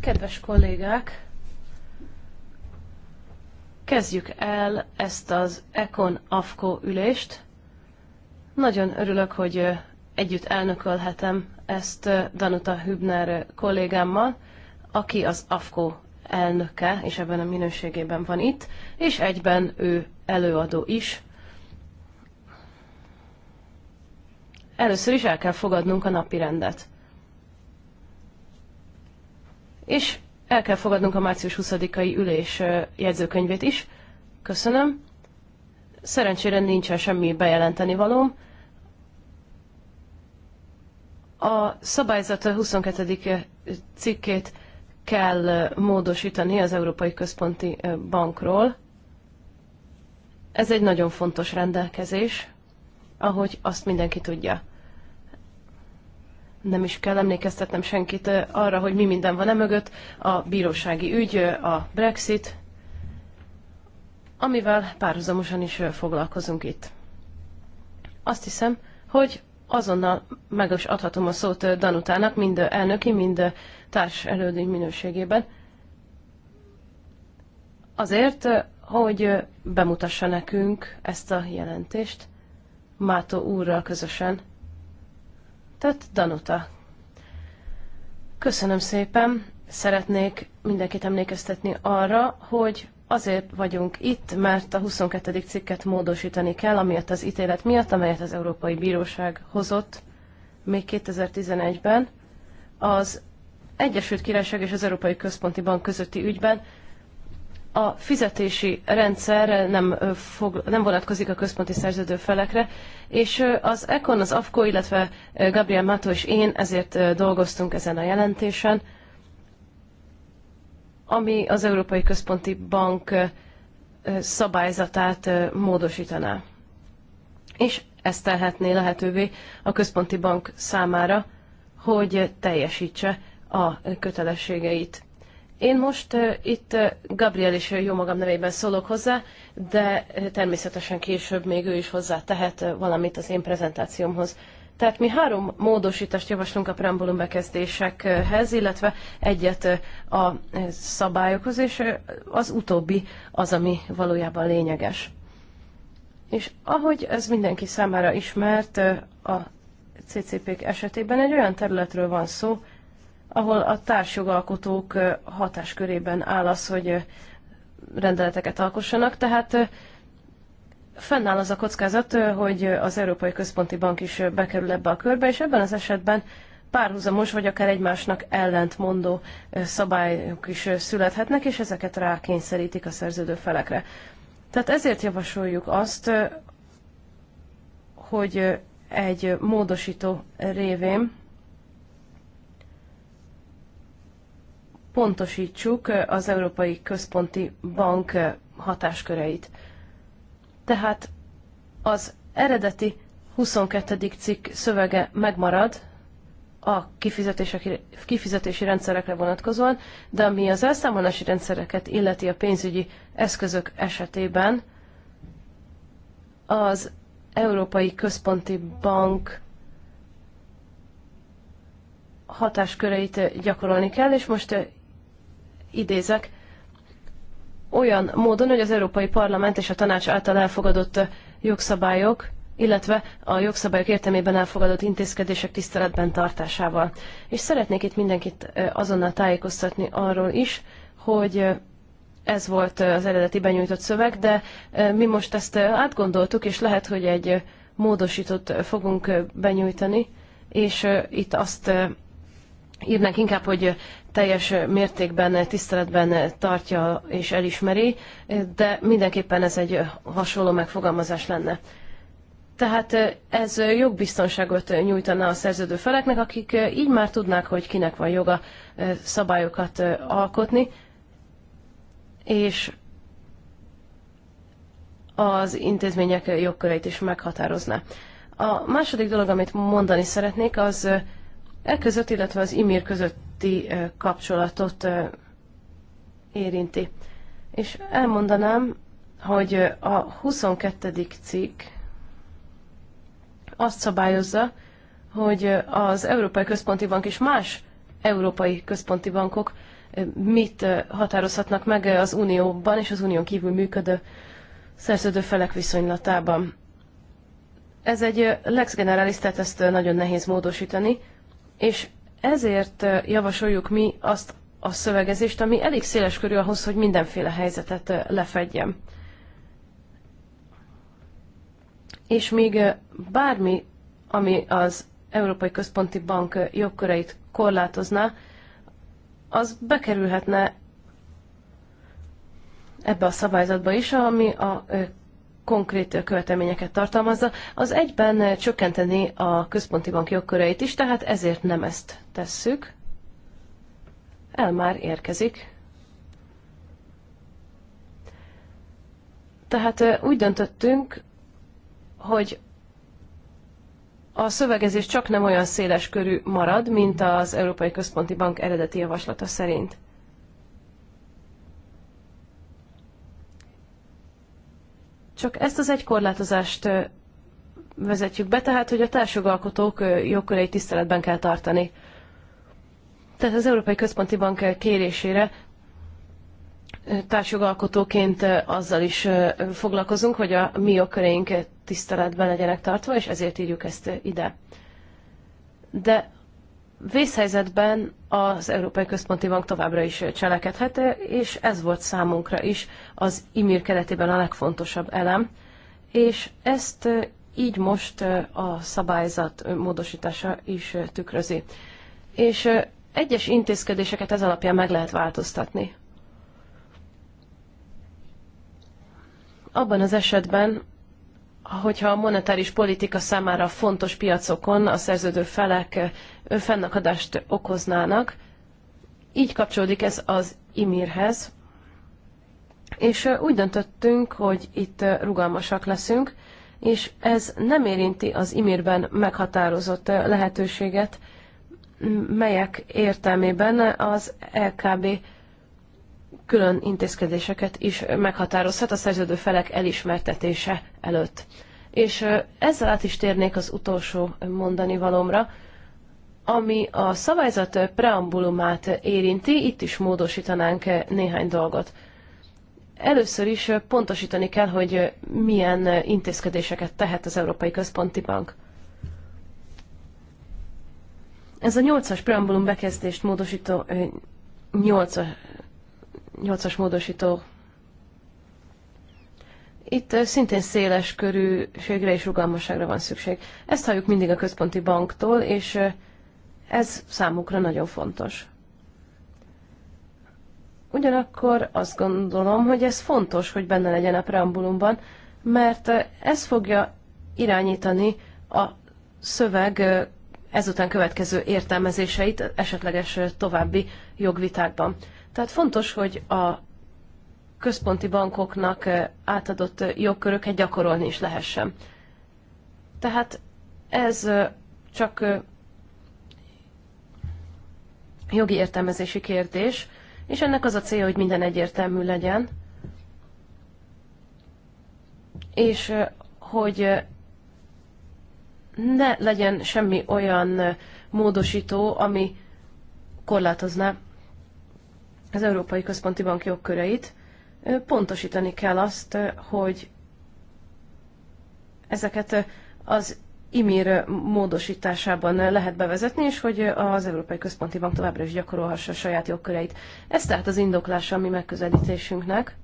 Kedves kollégák, kezdjük el ezt az Econ Afko ülést. Nagyon örülök, hogy együtt elnökölhetem ezt Danuta Hübner kollégámmal, aki az Afko elnöke, és ebben a minőségében van itt, és egyben ő előadó is. Először is el kell fogadnunk a napi rendet és el kell fogadnunk a március 20-ai ülés jegyzőkönyvét is. Köszönöm. Szerencsére nincsen semmi bejelenteni valóm. A szabályzat 22. cikkét kell módosítani az Európai Központi Bankról. Ez egy nagyon fontos rendelkezés, ahogy azt mindenki tudja nem is kell emlékeztetnem senkit arra, hogy mi minden van e mögött, a bírósági ügy, a Brexit, amivel párhuzamosan is foglalkozunk itt. Azt hiszem, hogy azonnal meg is adhatom a szót Danutának, mind elnöki, mind társ elődény minőségében. Azért, hogy bemutassa nekünk ezt a jelentést Mátó úrral közösen. Danuta. Köszönöm szépen. Szeretnék mindenkit emlékeztetni arra, hogy azért vagyunk itt, mert a 22. cikket módosítani kell, amiatt az ítélet miatt, amelyet az Európai Bíróság hozott még 2011-ben, az Egyesült Királyság és az Európai Központi Bank közötti ügyben, a fizetési rendszer nem, fog, nem vonatkozik a központi szerződő felekre, és az Econ, az AFKO, illetve Gabriel Mato és én ezért dolgoztunk ezen a jelentésen, ami az Európai Központi Bank szabályzatát módosítaná. És ezt tehetné lehetővé a központi bank számára, hogy teljesítse a kötelességeit. Én most uh, itt uh, Gabriel is jó magam nevében szólok hozzá, de uh, természetesen később még ő is hozzá tehet uh, valamit az én prezentációmhoz. Tehát mi három módosítást javaslunk a preambulum bekezdésekhez, illetve egyet a szabályokhoz, és az utóbbi az, ami valójában lényeges. És ahogy ez mindenki számára ismert, a CCP-k esetében egy olyan területről van szó, ahol a társjogalkotók hatáskörében áll az, hogy rendeleteket alkossanak, tehát fennáll az a kockázat, hogy az Európai Központi Bank is bekerül ebbe a körbe, és ebben az esetben párhuzamos vagy akár egymásnak ellentmondó szabályok is születhetnek, és ezeket rákényszerítik a szerződő felekre. Tehát ezért javasoljuk azt, hogy egy módosító révén pontosítsuk eh, az Európai Központi Bank eh, hatásköreit. Tehát az eredeti 22. cikk szövege megmarad a kifizetési rendszerekre vonatkozóan, de ami az elszámolási rendszereket illeti a pénzügyi eszközök esetében, az Európai Központi Bank hatásköreit gyakorolni kell, és most eh, idézek, olyan módon, hogy az Európai Parlament és a Tanács által elfogadott jogszabályok, illetve a jogszabályok értelmében elfogadott intézkedések tiszteletben tartásával. És szeretnék itt mindenkit azonnal tájékoztatni arról is, hogy ez volt az eredeti benyújtott szöveg, de mi most ezt átgondoltuk, és lehet, hogy egy módosított fogunk benyújtani, és itt azt írnánk inkább, hogy teljes mértékben, tiszteletben tartja és elismeri, de mindenképpen ez egy hasonló megfogalmazás lenne. Tehát ez jogbiztonságot nyújtana a szerződő feleknek, akik így már tudnák, hogy kinek van joga eh, szabályokat eh, alkotni, és az intézmények jogköreit is meghatározná. A második dolog, amit mondani szeretnék, az eh, E között, illetve az IMIR közötti e, kapcsolatot e, érinti. És elmondanám, hogy e, a 22. cikk azt szabályozza, hogy az Európai Központi Bank és más európai központi bankok mit határozhatnak meg az Unióban és az Unión kívül működő szerződő felek viszonylatában. Ez egy lex generalis, tehát ezt nagyon nehéz módosítani, és ezért javasoljuk mi azt a szövegezést, ami elég széles körül ahhoz, hogy mindenféle helyzetet lefedjem. És még bármi, ami az Európai Központi Bank jogköreit korlátozná, az bekerülhetne ebbe a szabályzatba is, ami a konkrét követelményeket tartalmazza, az egyben csökkenteni a központi bank jogköreit is, tehát ezért nem ezt tesszük. El már érkezik. Tehát úgy döntöttünk, hogy a szövegezés csak nem olyan széles körű marad, mint az Európai Központi Bank eredeti javaslata szerint. Csak ezt az egy korlátozást vezetjük be, tehát hogy a társjogalkotók jogköreit tiszteletben kell tartani. Tehát az Európai Központi Bank kérésére társjogalkotóként azzal is foglalkozunk, hogy a mi jogköreink tiszteletben legyenek tartva, és ezért írjuk ezt ide. De vészhelyzetben az Európai Központi Bank továbbra is cselekedhet, és ez volt számunkra is az IMIR keretében a legfontosabb elem, és ezt így most a szabályzat módosítása is tükrözi. És egyes intézkedéseket ez alapján meg lehet változtatni. Abban az esetben, hogyha a monetáris politika számára fontos piacokon a szerződő felek fennakadást okoznának. Így kapcsolódik ez az imirhez, és úgy döntöttünk, hogy itt rugalmasak leszünk, és ez nem érinti az imírben meghatározott lehetőséget, melyek értelmében az LKB külön intézkedéseket is meghatározhat a szerződő felek elismertetése előtt. És ezzel át is térnék az utolsó mondani valomra, ami a szabályzat preambulumát érinti, itt is módosítanánk néhány dolgot. Először is pontosítani kell, hogy milyen intézkedéseket tehet az Európai Központi Bank. Ez a 8-as preambulum bekezdést módosító 8-as 8-as módosító. Itt szintén széles körűségre és rugalmasságra van szükség. Ezt halljuk mindig a központi banktól, és ez számukra nagyon fontos. Ugyanakkor azt gondolom, hogy ez fontos, hogy benne legyen a preambulumban, mert ez fogja irányítani a szöveg ezután következő értelmezéseit esetleges további jogvitákban. Tehát fontos, hogy a központi bankoknak eh, átadott eh, jogköröket gyakorolni is lehessen. Tehát ez eh, csak jogi értelmezési kérdés, és ennek az a célja, hogy minden egyértelmű legyen, és hogy ne legyen semmi olyan módosító, ami korlátozná az Európai Központi Bank jogköreit, pontosítani kell azt, hogy ezeket az IMIR módosításában lehet bevezetni, és hogy az Európai Központi Bank továbbra is gyakorolhassa a saját jogköreit. Ez tehát az indoklása a mi megközelítésünknek.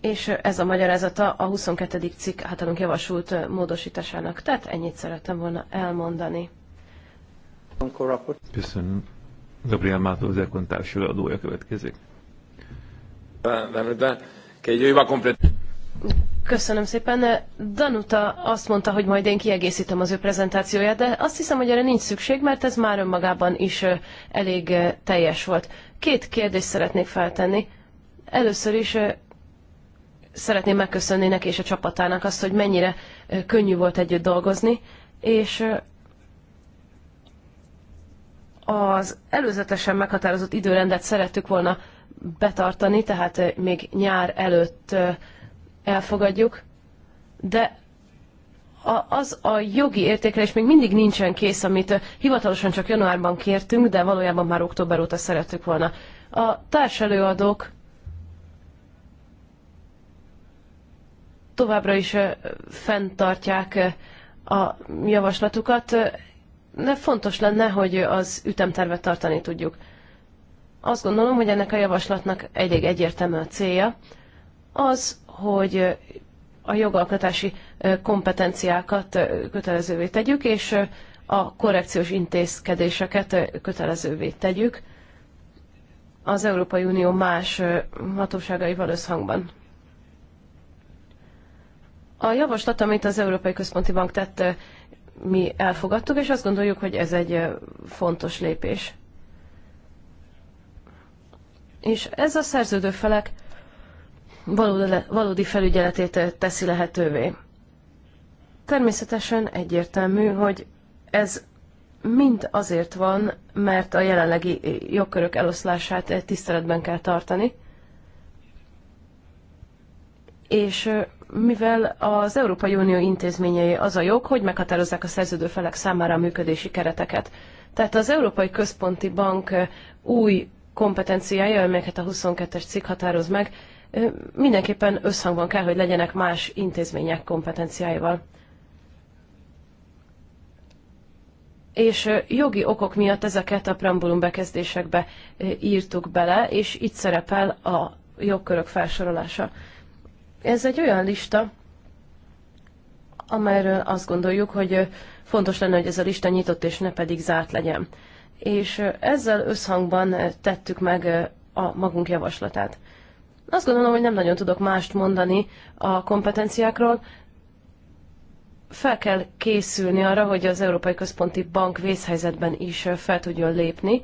És ez a magyarázata a 22. cikk általunk javasult módosításának. Tehát ennyit szerettem volna elmondani. Köszönöm. Gabriel Mátó, az Ekon társadalmadója következik. Köszönöm szépen. Danuta azt mondta, hogy majd én kiegészítem az ő prezentációját, de azt hiszem, hogy erre nincs szükség, mert ez már önmagában is elég teljes volt. Két kérdést szeretnék feltenni. Először is szeretném megköszönni neki és a csapatának azt, hogy mennyire könnyű volt együtt dolgozni, és az előzetesen meghatározott időrendet szerettük volna betartani, tehát eh, még nyár előtt eh, elfogadjuk, de az a jogi értékelés még mindig nincsen kész, amit eh, hivatalosan csak januárban kértünk, de valójában már október óta szerettük volna. A társelőadók továbbra is fenntartják a javaslatukat de fontos lenne, hogy az ütemtervet tartani tudjuk. Azt gondolom, hogy ennek a javaslatnak elég egyértelmű a célja, az, hogy a jogalkotási kompetenciákat kötelezővé tegyük, és a korrekciós intézkedéseket kötelezővé tegyük az Európai Unió más hatóságaival összhangban. A javaslat, amit az Európai Központi Bank tett mi elfogadtuk, és azt gondoljuk, hogy ez egy fontos lépés. És ez a szerződő felek valódi felügyeletét teszi lehetővé. Természetesen egyértelmű, hogy ez mind azért van, mert a jelenlegi jogkörök eloszlását tiszteletben kell tartani, és mivel az Európai Unió intézményei az a jog, hogy meghatározzák a szerződő felek számára a működési kereteket. Tehát az Európai Központi Bank eh, új kompetenciája, amelyeket a 22-es cikk határoz meg, eh, mindenképpen összhangban kell, hogy legyenek más intézmények kompetenciáival. És eh, jogi okok miatt ezeket a preambulum bekezdésekbe írtuk bele, és itt szerepel a jogkörök felsorolása. Ez egy olyan lista, amelyről azt gondoljuk, hogy fontos lenne, hogy ez a lista nyitott és ne pedig zárt legyen. És ezzel összhangban tettük meg a magunk javaslatát. Azt gondolom, hogy nem nagyon tudok mást mondani a kompetenciákról. Fel kell készülni arra, hogy az Európai Központi Bank vészhelyzetben is fel tudjon lépni.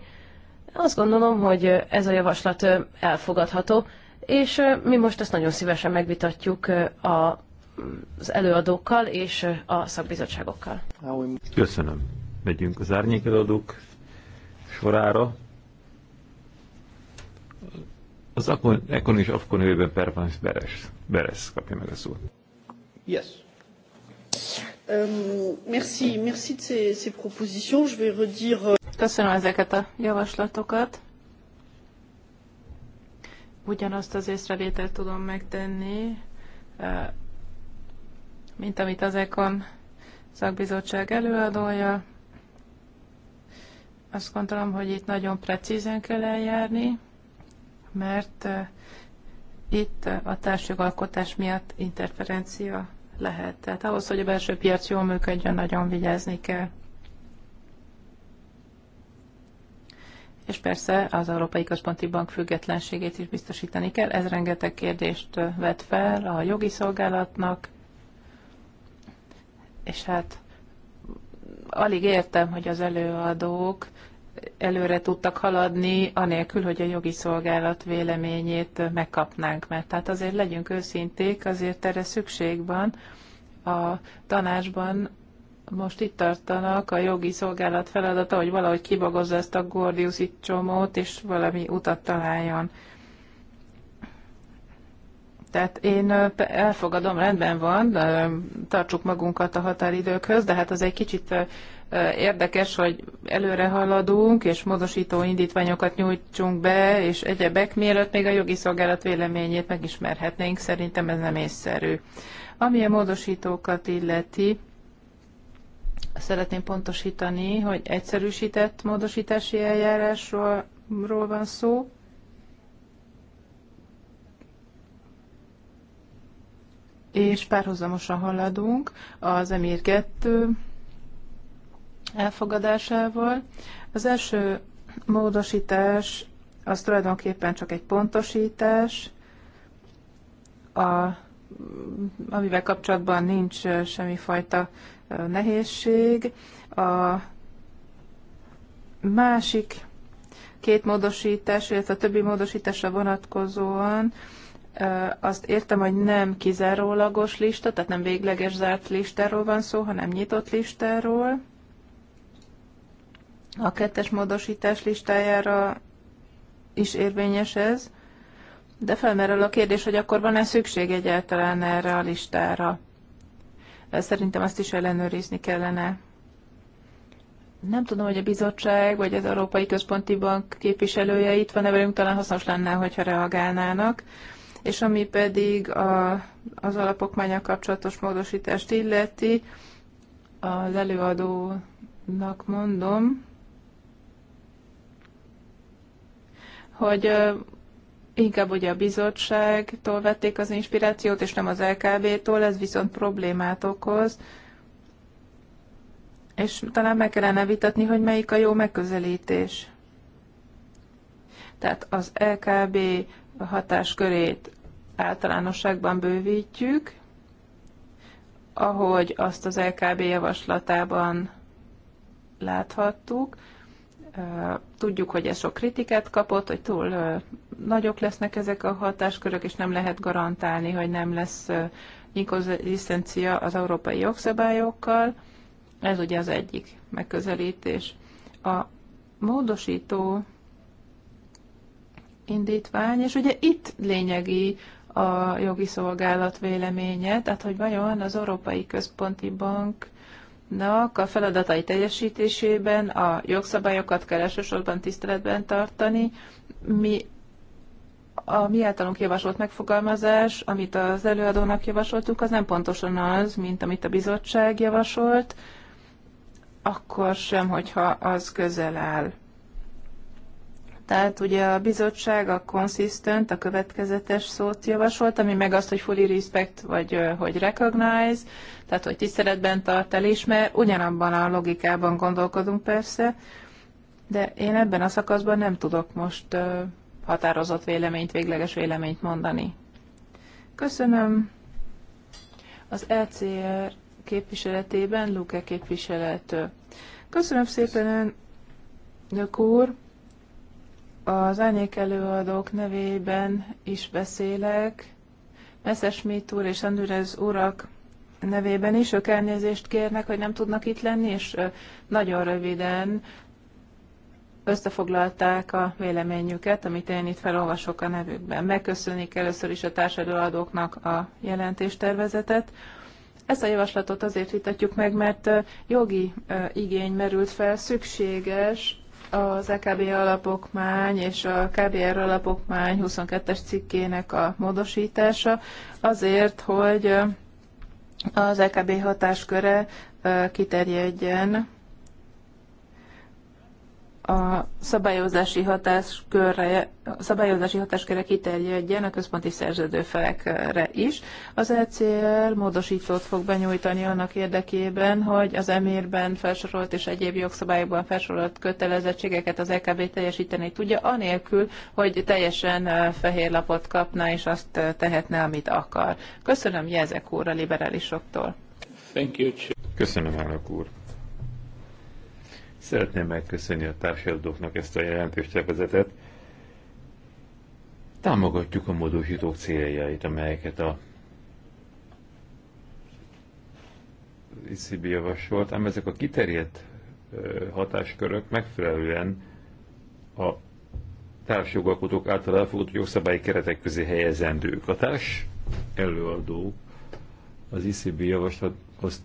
Azt gondolom, hogy ez a javaslat elfogadható, és mi most ezt nagyon szívesen megvitatjuk a, az előadókkal és a szakbizottságokkal. Köszönöm. Megyünk az árnyékelőadók sorára. Az Akon, Ekon és Afkon jövőben Pervans Beres, Beres kapja meg a szót. Yes. Um, merci, merci de ces, ces propositions. Je vais redire... Köszönöm ezeket a javaslatokat ugyanazt az észrevételt tudom megtenni, mint amit az EKON szakbizottság előadója. Azt gondolom, hogy itt nagyon precízen kell eljárni, mert itt a társjogalkotás miatt interferencia lehet. Tehát ahhoz, hogy a belső piac jól működjön, nagyon vigyázni kell. és persze az Európai Központi Bank függetlenségét is biztosítani kell. Ez rengeteg kérdést vet fel a jogi szolgálatnak, és hát alig értem, hogy az előadók előre tudtak haladni, anélkül, hogy a jogi szolgálat véleményét megkapnánk. Mert tehát azért legyünk őszinték, azért erre szükség van. A tanácsban most itt tartanak, a jogi szolgálat feladata, hogy valahogy kibagozza ezt a Gordiusi csomót, és valami utat találjon. Tehát én elfogadom, rendben van, tartsuk magunkat a határidőkhöz, de hát az egy kicsit érdekes, hogy előre haladunk, és módosító indítványokat nyújtsunk be, és egyebek, mielőtt még a jogi szolgálat véleményét megismerhetnénk, szerintem ez nem észszerű. Ami a módosítókat illeti, szeretném pontosítani, hogy egyszerűsített módosítási eljárásról ról van szó. És párhuzamosan haladunk az Emir 2 elfogadásával. Az első módosítás az tulajdonképpen csak egy pontosítás a amivel kapcsolatban nincs semmifajta nehézség. A másik két módosítás, illetve a többi módosításra vonatkozóan azt értem, hogy nem kizárólagos lista, tehát nem végleges zárt listáról van szó, hanem nyitott listáról. A kettes módosítás listájára is érvényes ez. De felmerül a kérdés, hogy akkor van-e szükség egyáltalán erre a listára? Szerintem azt is ellenőrizni kellene. Nem tudom, hogy a bizottság vagy az Európai Központi Bank képviselője itt van-e velünk, talán hasznos lenne, hogyha reagálnának. És ami pedig a, az alapokmányal kapcsolatos módosítást illeti, az előadónak mondom, hogy Inkább ugye a bizottságtól vették az inspirációt, és nem az LKB-tól, ez viszont problémát okoz. És talán meg kellene vitatni, hogy melyik a jó megközelítés. Tehát az LKB hatáskörét általánosságban bővítjük, ahogy azt az LKB javaslatában láthattuk, Tudjuk, hogy ez sok kritikát kapott, hogy túl nagyok lesznek ezek a hatáskörök, és nem lehet garantálni, hogy nem lesz nyikonzisztencia az európai jogszabályokkal. Ez ugye az egyik megközelítés. A módosító indítvány, és ugye itt lényegi a jogi szolgálat véleménye, tehát hogy vajon az Európai Központi Bank a feladatai teljesítésében a jogszabályokat kell elsősorban tiszteletben tartani. Mi a mi általunk javasolt megfogalmazás, amit az előadónak javasoltuk, az nem pontosan az, mint amit a bizottság javasolt, akkor sem, hogyha az közel áll tehát ugye a bizottság a consistent, a következetes szót javasolt, ami meg azt, hogy fully respect, vagy hogy recognize, tehát hogy tiszteletben tart, mert ugyanabban a logikában gondolkodunk persze, de én ebben a szakaszban nem tudok most határozott véleményt, végleges véleményt mondani. Köszönöm. Az ECR képviseletében Luke képviselet. Köszönöm szépen, elnök úr. Az árnyék előadók nevében is beszélek. Messerschmitt úr és Andürez urak nevében is. Ők elnézést kérnek, hogy nem tudnak itt lenni, és nagyon röviden összefoglalták a véleményüket, amit én itt felolvasok a nevükben. Megköszönik először is a társadalmadóknak a jelentéstervezetet. Ezt a javaslatot azért vitatjuk meg, mert jogi igény merült fel, szükséges az EKB alapokmány és a KBR alapokmány 22-es cikkének a módosítása azért, hogy az EKB hatásköre kiterjedjen a szabályozási hatáskörre, a szabályozási hatáskörre kiterjedjen a központi szerződőfelekre is. Az ECR módosítót fog benyújtani annak érdekében, hogy az emírben felsorolt és egyéb jogszabályokban felsorolt kötelezettségeket az LKB e teljesíteni tudja, anélkül, hogy teljesen fehér lapot kapna és azt tehetne, amit akar. Köszönöm Jezek úr a liberálisoktól. Thank you. Köszönöm, elnök úr. Szeretném megköszönni a társadalmaknak ezt a jelentős tervezetet. Támogatjuk a módosítók céljait, amelyeket a ICB e javasolt, ám ezek a kiterjedt hatáskörök megfelelően a társjogalkotók által elfogadott jogszabályi keretek közé helyezendők. A társ előadó az ICB e javaslat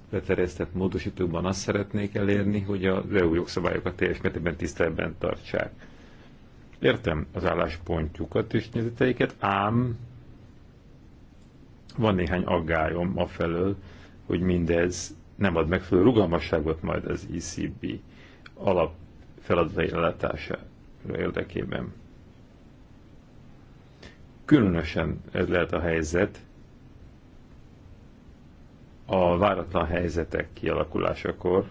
beterjesztett módosítókban azt szeretnék elérni, hogy az EU jogszabályokat teljes mértékben tiszteletben tartsák. Értem az álláspontjukat és nézeteiket, ám van néhány aggályom afelől, hogy mindez nem ad megfelelő rugalmasságot majd az ECB alap feladatai érdekében. Különösen ez lehet a helyzet, a váratlan helyzetek kialakulásakor,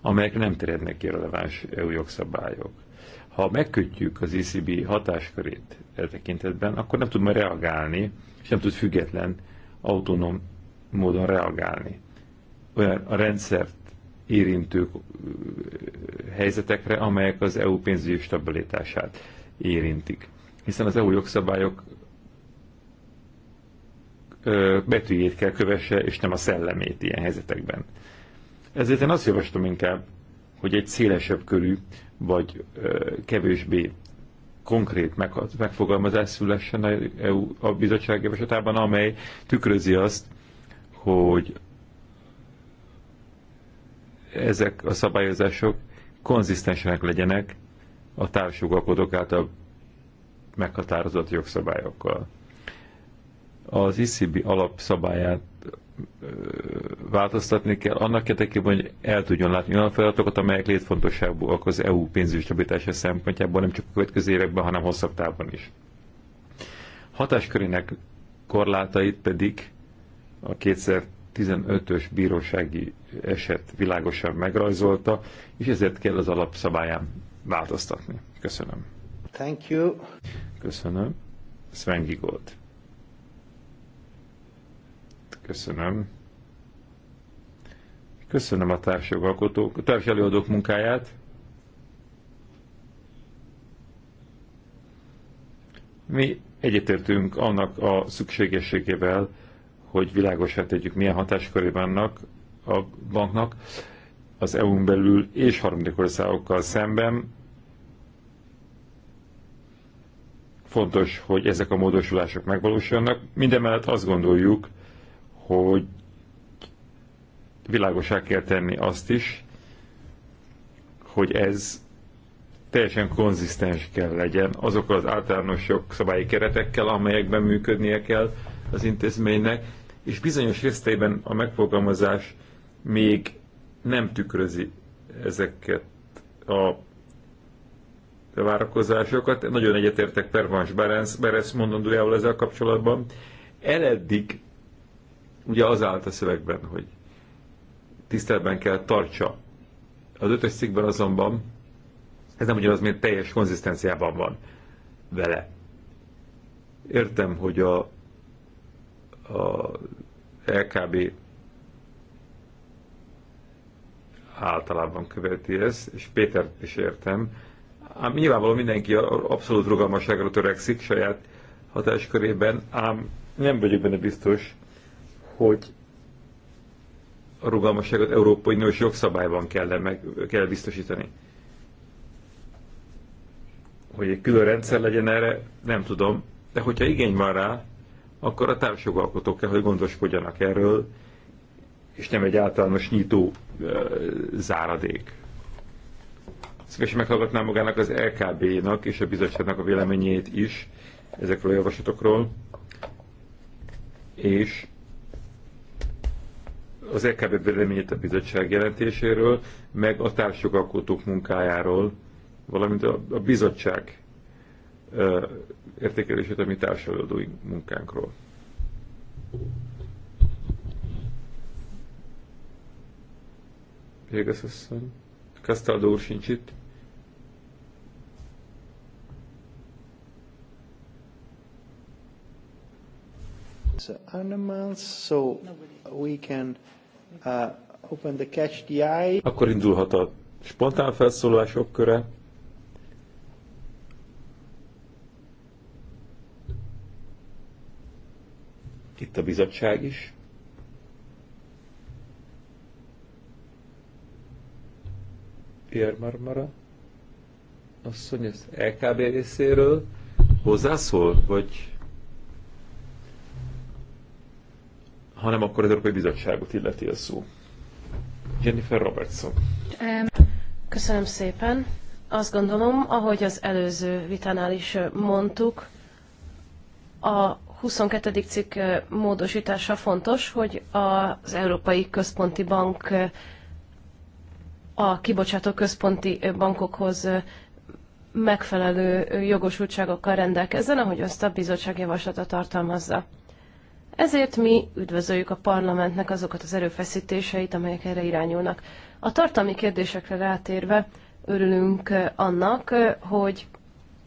amelyek nem terjednek ki releváns EU jogszabályok. Ha megkötjük az ECB hatáskörét e tekintetben, akkor nem tud már reagálni, és nem tud független, autonóm módon reagálni. Olyan a rendszert érintő helyzetekre, amelyek az EU pénzügyi stabilitását érintik. Hiszen az EU jogszabályok betűjét kell kövesse, és nem a szellemét ilyen helyzetekben. Ezért én azt javaslom inkább, hogy egy szélesebb körű, vagy kevésbé konkrét megfogalmazás szülessen a, EU, a bizottság javaslatában, amely tükrözi azt, hogy ezek a szabályozások konzisztensenek legyenek a társjogalkotók által meghatározott jogszabályokkal az ICB alapszabályát változtatni kell, annak érdekében, hogy el tudjon látni olyan feladatokat, amelyek létfontosságúak az EU pénzügyi stabilitása szempontjából, nem csak a következő években, hanem hosszabb távon is. Hatáskörének korlátait pedig a 2015-ös bírósági eset világosan megrajzolta, és ezért kell az alapszabályán változtatni. Köszönöm. Thank you. Köszönöm. Sven Gigold. Köszönöm. Köszönöm a társjogalkotók, a társelőadók munkáját. Mi egyetértünk annak a szükségességével, hogy világosá tegyük, milyen hatáskörében vannak a banknak az EU-n belül és harmadik országokkal szemben. Fontos, hogy ezek a módosulások megvalósulnak. Mindemellett azt gondoljuk, hogy világosá kell tenni azt is, hogy ez teljesen konzisztens kell legyen azokkal az általános jogszabályi keretekkel, amelyekben működnie kell az intézménynek, és bizonyos részteiben a megfogalmazás még nem tükrözi ezeket a várakozásokat. Nagyon egyetértek Pervans Beresz mondandójával ezzel kapcsolatban. Eleddig ugye az állt a szövegben, hogy tiszteletben kell tartsa. Az ötös cikkben azonban ez nem ugyanaz, mint teljes konzisztenciában van vele. Értem, hogy a, a LKB általában követi ezt, és Péter is értem, ám nyilvánvalóan mindenki abszolút rugalmasságra törekszik saját hatáskörében, ám nem vagyok benne biztos, hogy a rugalmasságot Európai nős jogszabályban kell, meg, kell biztosítani. Hogy egy külön rendszer legyen erre, nem tudom, de hogyha igény van rá, akkor a társjogalkotók kell, hogy gondoskodjanak erről, és nem egy általános nyitó ö, záradék. Szívesen meghallgatnám magának az LKB-nak és a bizottságnak a véleményét is ezekről a javaslatokról, és az EKB véleményét a bizottság jelentéséről, meg a társjogalkotók munkájáról, valamint a, a bizottság ö, értékelését a mi társadalmi munkánkról. Végezhessen. Castaldo úr sincs itt. Akkor indulhat a spontán felszólalások köre. Itt a bizottság is. Pierre Marmara asszony az LKB részéről hozzászól, vagy hanem akkor az Európai Bizottságot illeti a szó. Jennifer Robertson. Köszönöm szépen. Azt gondolom, ahogy az előző vitánál is mondtuk, a 22. cikk módosítása fontos, hogy az Európai Központi Bank a kibocsátó központi bankokhoz megfelelő jogosultságokkal rendelkezzen, ahogy azt a bizottság javaslata tartalmazza. Ezért mi üdvözöljük a parlamentnek azokat az erőfeszítéseit, amelyek erre irányulnak. A tartalmi kérdésekre rátérve örülünk eh, annak, eh, hogy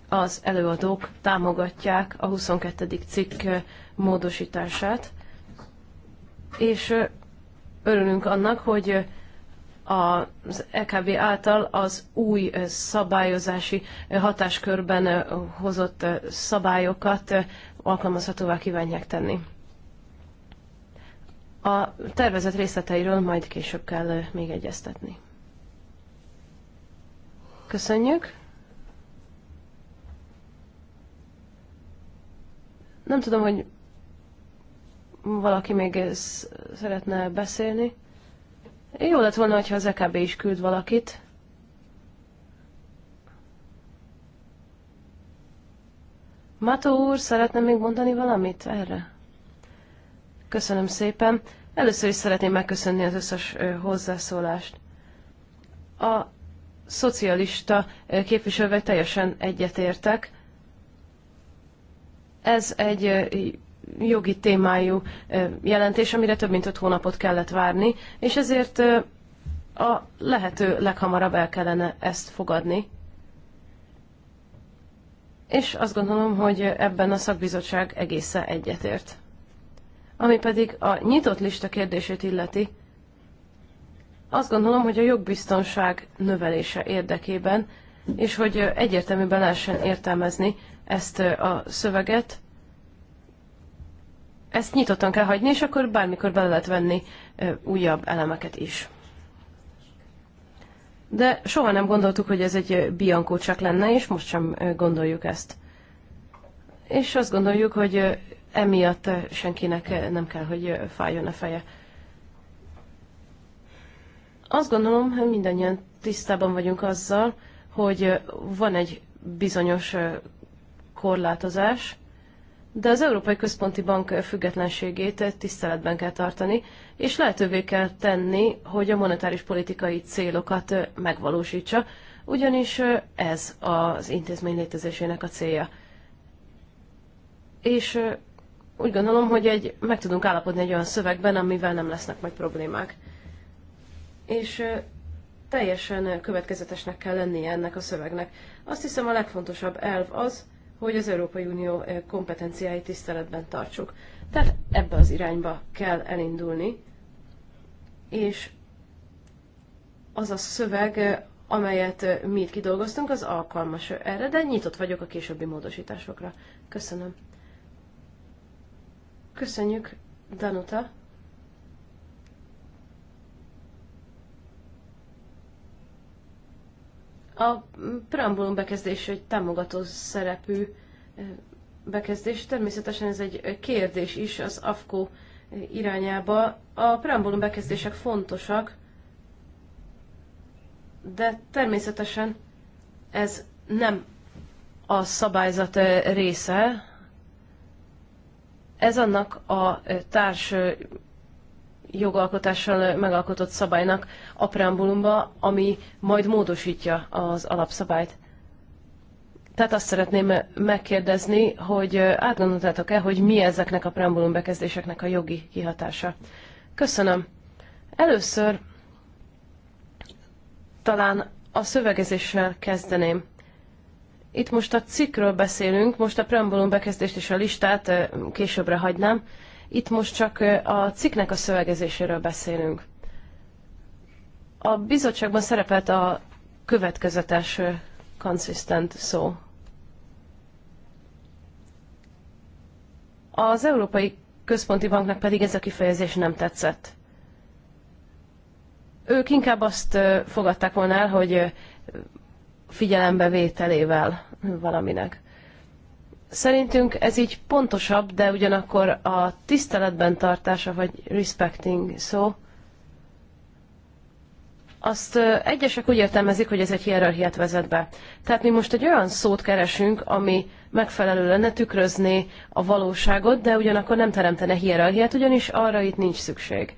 az előadók támogatják a 22. cikk eh, módosítását, és örülünk annak, hogy az EKB által az új szabályozási hatáskörben hozott szabályokat alkalmazhatóvá kívánják tenni. A tervezet részleteiről majd később kell még egyeztetni. Köszönjük! Nem tudom, hogy valaki még szeretne beszélni. Jó lett volna, hogyha az EKB is küld valakit. Mató úr, szeretne még mondani valamit erre? Köszönöm szépen. Először is szeretném megköszönni az összes hozzászólást. A szocialista képviselővel teljesen egyetértek. Ez egy jogi témájú jelentés, amire több mint öt hónapot kellett várni, és ezért a lehető leghamarabb el kellene ezt fogadni. És azt gondolom, hogy ebben a szakbizottság egészen egyetért. Ami pedig a nyitott lista kérdését illeti, azt gondolom, hogy a jogbiztonság növelése érdekében, és hogy egyértelműben lehessen értelmezni ezt a szöveget, ezt nyitottan kell hagyni, és akkor bármikor bele lehet venni újabb elemeket is. De soha nem gondoltuk, hogy ez egy biankócsak lenne, és most sem gondoljuk ezt. És azt gondoljuk, hogy emiatt eh, senkinek eh, nem kell, hogy eh, fájjon a feje. Azt gondolom, hogy mindannyian tisztában vagyunk azzal, hogy van egy bizonyos korlátozás, de az Európai Központi Bank függetlenségét tiszteletben kell tartani, és lehetővé kell tenni, hogy a monetáris politikai célokat megvalósítsa, ugyanis ez az intézmény létezésének a célja. És úgy gondolom, hogy egy, meg tudunk állapodni egy olyan szövegben, amivel nem lesznek majd problémák. És teljesen következetesnek kell lennie ennek a szövegnek. Azt hiszem a legfontosabb elv az, hogy az Európai Unió kompetenciáit tiszteletben tartsuk. Tehát ebbe az irányba kell elindulni, és az a szöveg, amelyet mi itt kidolgoztunk, az alkalmas erre, de nyitott vagyok a későbbi módosításokra. Köszönöm. Köszönjük, Danuta. A preambulum bekezdés egy támogató szerepű bekezdés. Természetesen ez egy kérdés is az AFKO irányába. A preambulum bekezdések fontosak, de természetesen ez nem a szabályzat része, ez annak a társ jogalkotással megalkotott szabálynak a preambulumba, ami majd módosítja az alapszabályt. Tehát azt szeretném megkérdezni, hogy átgondoltátok-e, hogy mi ezeknek a preambulum bekezdéseknek a jogi kihatása. Köszönöm. Először talán a szövegezéssel kezdeném. Itt most a cikkről beszélünk, most a preambulum bekezdést és a listát későbbre hagynám. Itt most csak a cikknek a szövegezéséről beszélünk. A bizottságban szerepelt a következetes consistent szó. Az Európai Központi Banknak pedig ez a kifejezés nem tetszett. Ők inkább azt fogadták volna el, hogy figyelembevételével valaminek. Szerintünk ez így pontosabb, de ugyanakkor a tiszteletben tartása, vagy respecting szó, azt egyesek úgy értelmezik, hogy ez egy hierarchiát vezet be. Tehát mi most egy olyan szót keresünk, ami megfelelő lenne tükrözni a valóságot, de ugyanakkor nem teremtene hierarchiát, ugyanis arra itt nincs szükség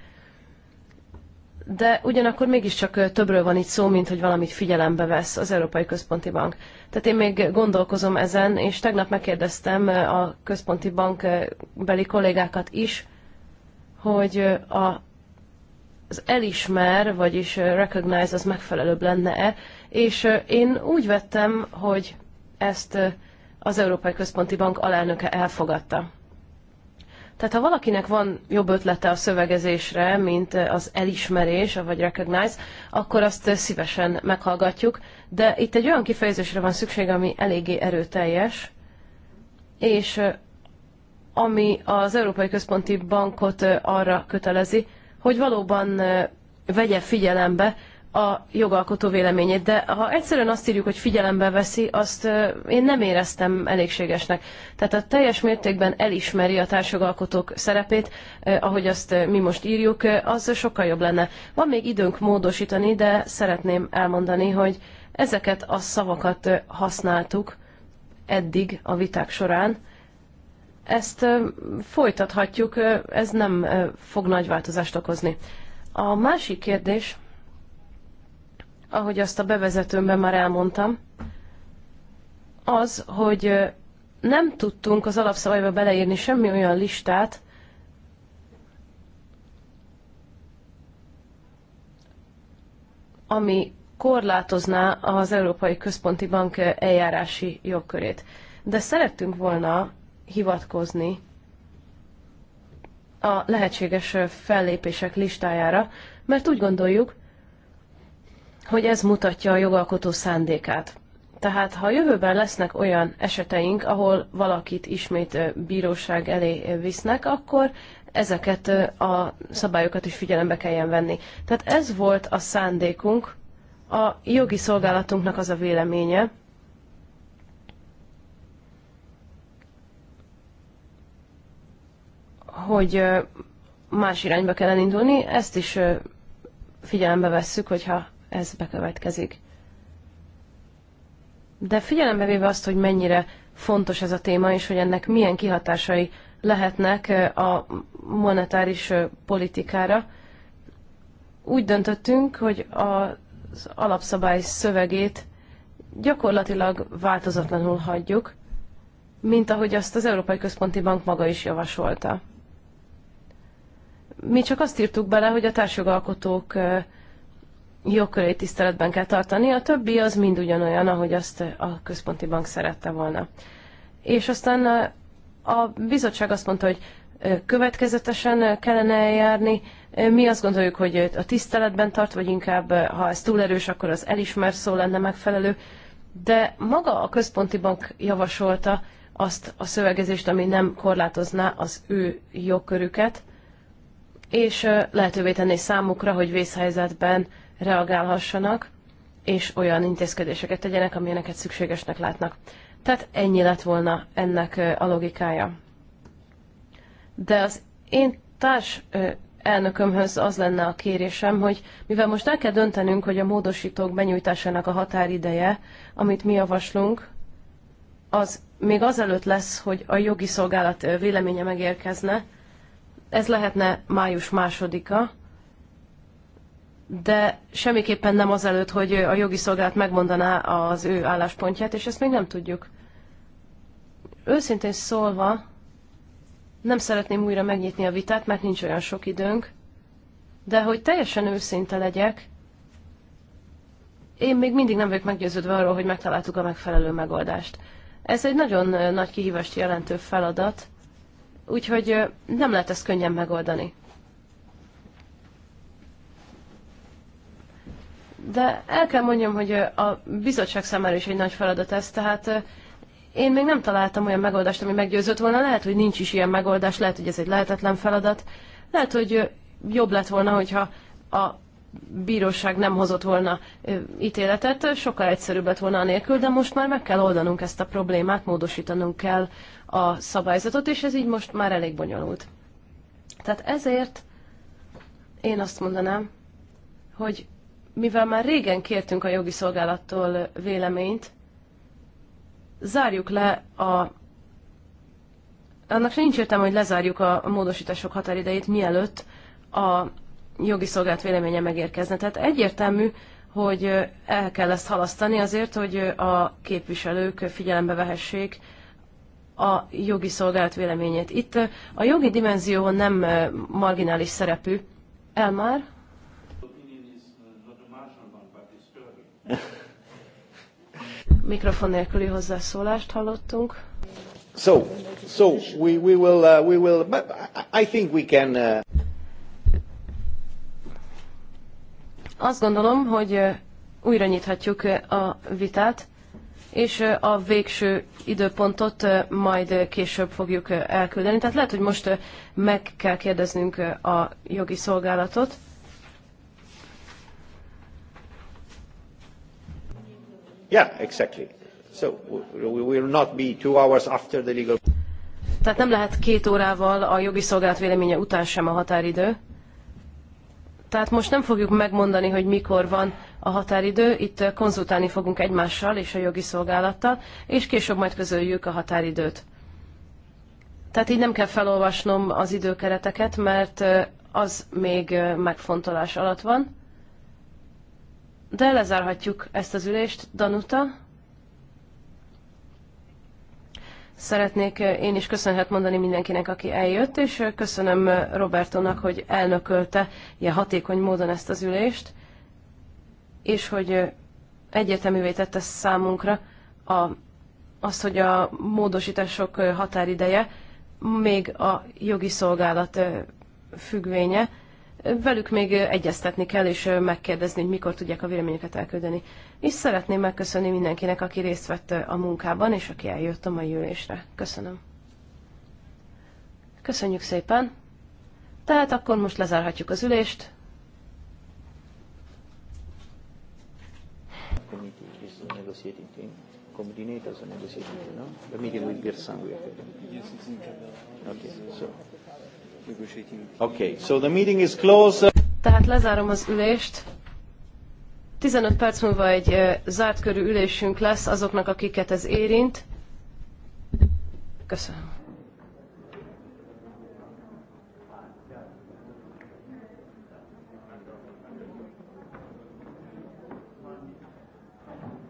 de ugyanakkor mégiscsak többről van itt szó, mint hogy valamit figyelembe vesz az Európai Központi Bank. Tehát én még gondolkozom ezen, és tegnap megkérdeztem a Központi Bank beli kollégákat is, hogy a, az elismer, vagyis recognize az megfelelőbb lenne-e, és én úgy vettem, hogy ezt az Európai Központi Bank alelnöke elfogadta. Tehát ha valakinek van jobb ötlete a szövegezésre, mint eh, az elismerés, vagy recognize, akkor azt eh, szívesen meghallgatjuk, de itt egy olyan kifejezésre van szükség, ami eléggé erőteljes, és eh, ami az Európai Központi Bankot arra kötelezi, hogy valóban vegye figyelembe a jogalkotó véleményét, de ha egyszerűen azt írjuk, hogy figyelembe veszi, azt én nem éreztem elégségesnek. Tehát a teljes mértékben elismeri a társjogalkotók szerepét, ahogy azt mi most írjuk, az sokkal jobb lenne. Van még időnk módosítani, de szeretném elmondani, hogy ezeket a szavakat használtuk eddig a viták során. Ezt folytathatjuk, ez nem fog nagy változást okozni. A másik kérdés, ahogy azt a bevezetőmben már elmondtam, az, hogy nem tudtunk az alapszabályba beleírni semmi olyan listát, ami korlátozná az Európai Központi Bank eljárási jogkörét. De szerettünk volna hivatkozni a lehetséges fellépések listájára, mert úgy gondoljuk, hogy ez mutatja a jogalkotó szándékát. Tehát ha a jövőben lesznek olyan eseteink, ahol valakit ismét bíróság elé visznek, akkor ezeket a szabályokat is figyelembe kelljen venni. Tehát ez volt a szándékunk, a jogi szolgálatunknak az a véleménye, hogy más irányba kell indulni. ezt is figyelembe vesszük, hogyha ez bekövetkezik. De figyelembe véve azt, hogy mennyire fontos ez a téma, és hogy ennek milyen kihatásai lehetnek a monetáris politikára, úgy döntöttünk, hogy az alapszabály szövegét gyakorlatilag változatlanul hagyjuk, mint ahogy azt az Európai Központi Bank maga is javasolta. Mi csak azt írtuk bele, hogy a társjogalkotók jogkörét tiszteletben kell tartani, a többi az mind ugyanolyan, ahogy azt a központi bank szerette volna. És aztán a bizottság azt mondta, hogy következetesen kellene eljárni. Mi azt gondoljuk, hogy a tiszteletben tart, vagy inkább, ha ez túl erős, akkor az elismert szó lenne megfelelő. De maga a központi bank javasolta azt a szövegezést, ami nem korlátozná az ő jogkörüket, és lehetővé tenné számukra, hogy vészhelyzetben reagálhassanak, és olyan intézkedéseket tegyenek, amilyeneket szükségesnek látnak. Tehát ennyi lett volna ennek a logikája. De az én társ elnökömhöz az lenne a kérésem, hogy mivel most el kell döntenünk, hogy a módosítók benyújtásának a határideje, amit mi javaslunk, az még azelőtt lesz, hogy a jogi szolgálat véleménye megérkezne. Ez lehetne május másodika, de semmiképpen nem azelőtt, hogy a jogi szolgálat megmondaná az ő álláspontját, és ezt még nem tudjuk. Őszintén szólva, nem szeretném újra megnyitni a vitát, mert nincs olyan sok időnk, de hogy teljesen őszinte legyek, én még mindig nem vagyok meggyőződve arról, hogy megtaláltuk a megfelelő megoldást. Ez egy nagyon nagy kihívást jelentő feladat, úgyhogy nem lehet ezt könnyen megoldani. De el kell mondjam, hogy a bizottság számára is egy nagy feladat ez, tehát én még nem találtam olyan megoldást, ami meggyőzött volna. Lehet, hogy nincs is ilyen megoldás, lehet, hogy ez egy lehetetlen feladat. Lehet, hogy jobb lett volna, hogyha a bíróság nem hozott volna ítéletet, sokkal egyszerűbb lett volna anélkül, de most már meg kell oldanunk ezt a problémát, módosítanunk kell a szabályzatot, és ez így most már elég bonyolult. Tehát ezért én azt mondanám, hogy mivel már régen kértünk a jogi szolgálattól véleményt, zárjuk le a... Annak sem nincs értelme, hogy lezárjuk a módosítások határidejét, mielőtt a jogi szolgált véleménye megérkezne. Tehát egyértelmű, hogy el kell ezt halasztani azért, hogy a képviselők figyelembe vehessék a jogi szolgált véleményét. Itt a jogi dimenzió nem marginális szerepű. Elmár? Mikrofon nélküli hozzászólást hallottunk. So, so we, we will, uh, we will, but I think we can... Uh... Azt gondolom, hogy uh, újra nyithatjuk uh, a vitát, és uh, a végső időpontot majd később fogjuk elküldeni. Tehát lehet, hogy most meg kell kérdeznünk a jogi szolgálatot. Yeah, exactly. So we will not be two hours after the legal... Tehát nem lehet két órával a jogi szolgálat véleménye után sem a határidő. Tehát most nem fogjuk megmondani, hogy mikor van a határidő, itt konzultálni fogunk egymással és a jogi szolgálattal, és később majd közöljük a határidőt. Tehát így nem kell felolvasnom az időkereteket, mert az még megfontolás alatt van. De lezárhatjuk ezt az ülést. Danuta? Szeretnék én is köszönhet mondani mindenkinek, aki eljött, és köszönöm Robertonak, hogy elnökölte ilyen hatékony módon ezt az ülést, és hogy egyértelművé tette számunkra a, azt, hogy a módosítások határideje még a jogi szolgálat függvénye, velük még egyeztetni kell, és megkérdezni, hogy mikor tudják a véleményeket elküldeni. És szeretném megköszönni mindenkinek, aki részt vett a munkában, és aki eljött a mai ülésre. Köszönöm. Köszönjük szépen. Tehát akkor most lezárhatjuk az ülést. negotiating negotiating no? The meeting will be Yes, it's in Okay, so. Okay, so the meeting is closed. Tehát lezárom az ülést. 15 perc múlva egy zárt körű ülésünk lesz azoknak, akiket ez érint. Köszönöm.